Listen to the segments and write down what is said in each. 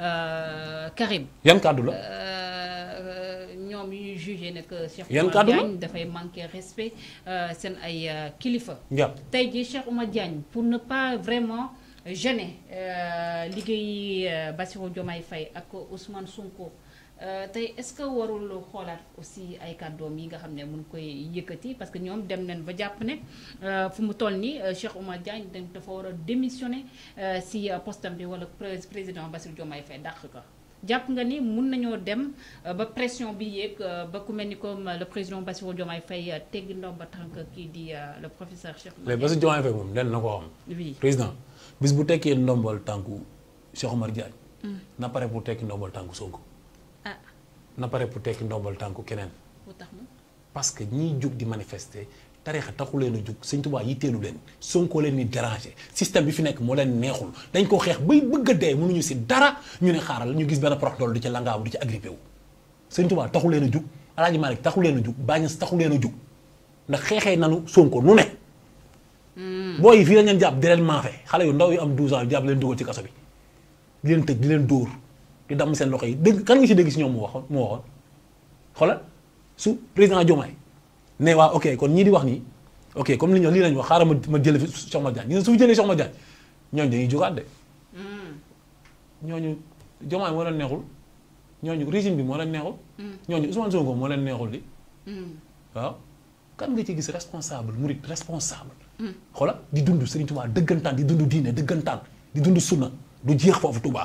Euh, Karim. yan kàddu la. Euh, ñoom yu jugé ne que Cheikh Oumar Diagne dafay manquer respect euh, seen ay kilifa. tey jii Cheikh Oumar Diagne pour ne pas vraiment gêner euh, liggéey Bassirou Diomaye Faye ak Ousmane Sonko. Euh, tay est-ce que warul xoolaat aussi ay kàddoom mi nga xamné ne mun koy yëkkati parce que ñom dem nañ ba jàpp ne euh, fu mu toll ni euh, Cheikh Oumar Diagne dafa war a démissionner si postam bi wala président bassir Diomaye fay dàq ko japp nga ni mun nañoo dem ba pression bi yéeg ba ku melni comme le président bassir Diomaye fay tégg ndoom ba tànk kii di le professeur Cheikh Oumar Diagne Bassirou Diomaye Faye moom den na ko am président bis bu tekkee ndombal tanku Cheikh Oumar Diagne mm. na paré pour tekki ndombal tanku Sonko na pare pour tek ndombal tanku kenen parce que ñi juk di manifester tarixa taxu leen juk seigne Sëñ Tuubaa yitteelu leen Sonko leen ni déranger système bi fi nek mo leen neexul dañ ko xex bay bëgg dé mënu ñu ci dara ñu né xaaral ñu gis benn prox dool du ci langaaw du ci agrippé wu. Sëñ Tuubaa taxu leen juk jug malik Maalik taxu leen a jug Bañas taxu leen a jug ndax xeexee nanu Sonko nu né hmm. booy yi fii la ñu leen jàpp di xalé yu ndaw yu am 12 ans japp leen dugal ci kasso bi di leen tëj di leen door di damm seen loxo yi dégg kan nga ci dégg si ñoom mu waxoon mu waxoon xoolal su président Diomaye ne waa ok kon ñii di wax nii ok comme li ñu wax lii lañu wax xaaral ma ma jëlee fi Cheikh Mate Diagne ñu ne su fi jëlee Cheikh Mate Diagne ñooñu dañuy jógaat de hmm. ñooñu Diomaye moo leen neexul ñooñu régime bi moo leen neexul. Hmm. ñooñu Ousmane Sonko moo leen neexul li hmm. waaw kan nga ci gis responsable mu murid responsable. xoolal di dund Serigne Touba dëggantaan di dund diine dëggantaan di dund sunna du jeex foofu Touba.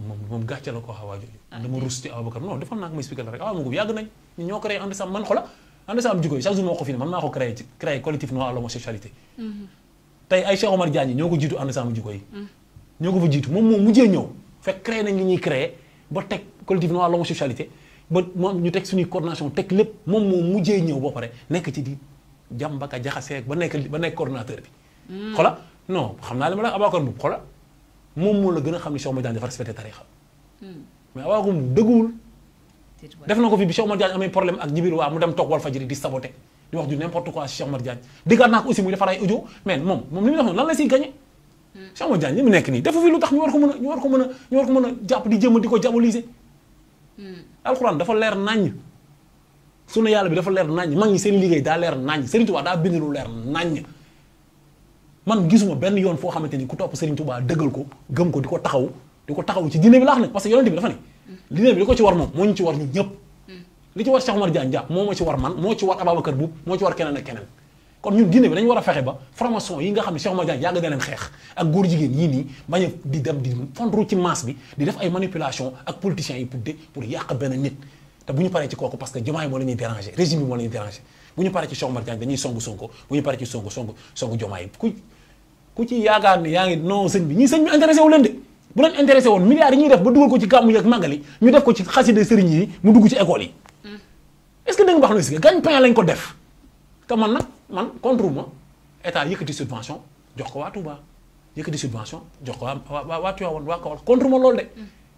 moom moom gàcce la ko wax waajur ah, dama rus ci Aboubacar non defal naa ko ma expliqué la rek ah ma gub yàgg nañ ñu ñoo créé And Samm man xola And Samm jikko jikko yi ñoo ko fa jiitu moom moom mujjee ñëw fekk créé nañ li ñuy créé ba teg collectif non à l'homosexualité ba moom ñu teg suñuy coordination teg lépp moom moom mujjee ñëw ba pare nekk ci di jàmbaka jaxaseeg ba ba nekk coordinateur bi mm. xola non xam naa li ma la Aboubacar Mboup xola moom moo la gën a xam ni Cheikh Omar Diagne dafa respecté tarixa mais Awaakum dëgguwul. def na ko fi bi Cheikh Omar Diagne amee problème ak Jibril waa mu dem toog Walfadjri di saboté di wax du n'importe quoi Cheikh Omar Diagne déggaat naa ko aussi muy defar ay audio mais moom moom li mu wax lan la siy gagné. Cheikh Omar Diagne li mu nekk nii defu fi lu tax ñu war ko mën a ñu war ko mën a ñu war ko mën a jàpp di jëm di ko diaboliser. alxuraan dafa leer su sunna yàlla bi dafa leer naññ mag ñi seen liggéey daa leer naññ Serigne daa bind lu leer naññ man gisuma ben yoon fo xamanteni ku top Serigne Touba deugal ko gem ko diko taxaw diko taxaw ci diine bi laax nag parce que yonent bi dafa ne mm. diine bi li ci war mom moo ñu ci war ñun ñep mm. li ci war Cheikh Omar Diagne mo mo ci war man mo ci war ababakar bu mo ci war kenen ak kenen kon ñun diine bi dañu war a ba formation yi nga xamni Cheikh Omar Diagne yàgg na leen xeex ak goor jigen yi ni bañ di dem di fondru ci masse bi di def ay manipulation ak politiciens yi pour dé pour yaq ben nit te buñu paré ci koku parce que jomay mo lañuy déranger régime mo lañuy déranger buñu paré ci Cheikh Omar Diagne dañuy songu songu buñu paré ci songu songu songu jomay ku ku ci yaakaar ni yaa ngi non sëñ bi ñii sëñ bi intéressé wu leen de bu leen intéressé woon milliards yi ñuy def ba dugal ko ci gàmmu yi ak màggali ñu def ko ci xaside sëriñ yi mu dugg ci école yi mm. est que da nga wax lu si gagne-pain lañ ko def te man nag man contre ma état yëkkati subvention jox ko waa Touba yëkkati subvention jox ko waa waa waa Tivaouane waa Kaolack contre ma loolu de mm.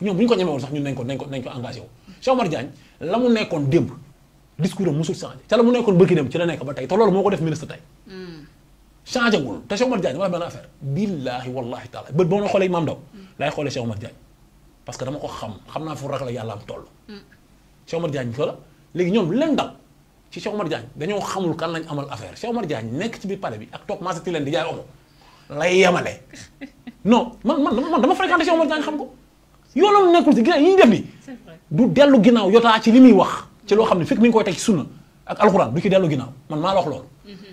ñoom bu ñu ko sax ñun nañ ko nañ ko ko engagé nekkoon démb discours am musul changé ca la mu nekkoon bëgg dem ci la nekk ba tey te loolu moo ko def ministre tey hmm. changé wul te Cheikh Omar Diagne wala benn affaire billaahi wallahi boo xoolee Mame Ndao laay xoolee Cheikh Omar Diagne que dama ko xam xam naa fu ragal yàlla am toll hmm. Cheikh Omar Diagne ko la léegi ñoom leen dal ci Cheikh Omar Diagne dañoo xamul kan lañ amal affaire Cheikh Omar Diagne nekk ci biir palais bi ak toog maasati leen di jaay omo lay yemale non man man man dama fréquenté Cheikh Omar xam ko yoonam nekul ci ginnaaw yi ñuy def ni du delu ginaaw yota ci limi wax ci lo xamni fek mi ngi koy teg ci sunna ak alxuraan du ci delu ginaaw man ma la wax lool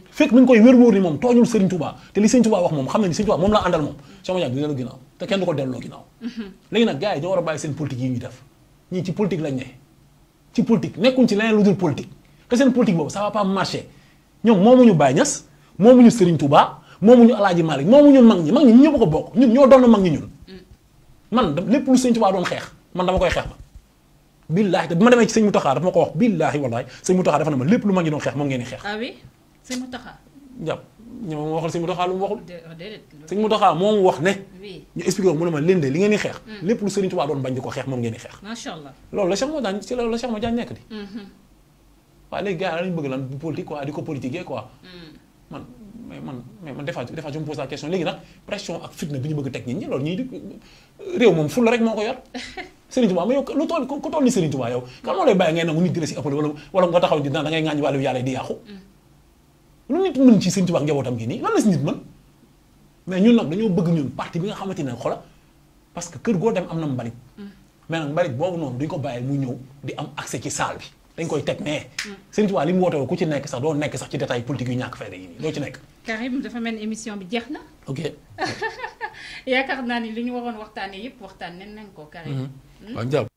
fek mi ngi koy wér ni mom toñul Serigne Touba te li Serigne Touba wax mom xam ni Serigne Touba mom la andal mom sama jaag du delu ginaaw te kenn du ko delu ginaaw legi nak gaay yi wara war a seen politique yi ñu def ñi ci politique lañ ne ci politique nekkun ci leneen lu dul politique que seen politique bobu ça va pas marcher ñom ñoom moomuñu Baye momu ñu Serigne Touba momu ñu moomuñu malik momu ñu mag ñi mag ñi ñu ko bok ñun ñoo doon mag ñi ñun man lépp lu seigne touba doon xex man dama koy xex ba billahi bima demé ci seigne moutakha dama ko wax billahi wallahi seigne moutakha dafa na ma lépp lu ma ngi doon xex moom ngeen di xeex. ah oui seigne moutakha jàpp ñoom mo waxal seigne moutakha lu mu waxul. seigne moutakha Mutaxa moom wax ne. ñu expliquer mo mu ne ma leen li ngeen ni xex lépp lu seigne touba doon bañ di ko xeex moom ngeen xex xeex. macha allah loolu la Cheikh mo dañ ci lolou la Cheikh mo dañ nek di. waaw léegi gars yi dañu bëgg lan politique quoi diko politiquer quoi man mais man mais man des fois des fois pose la question léegi nag pression ak fitna bi ñu bëgg teg nit ñi loolu ñuy réew moom ful rek moo ko yor Serigne Touba mais toll ku toll ni Serigne lay bàyyi ngay nangu nit di la si ëppale wala nga taxaw di naan da ngay ŋaañ wàllu yàlla di yàqu mm. lu nit mën ci Serigne njabootam gi nii lan si nit mën mais ñun nag dañoo bëgg ñun parti bi nga xamante xola parce que kër goo dem am na mbalit mm. mais nag mbalit boobu noonu duñ dañ koy teg ne. Serigne Touba li mu woote ku ci nekk sax doo nekk sax ci détail politique yu ñàkk fayda yi nii doo ci nekk. Karim dafa mel ni émission bi jeex na. ok yaakaar naa ni li ñu waroon waxtaanee yëpp waxtaan nañ ko Karim. Mhm. Hmm?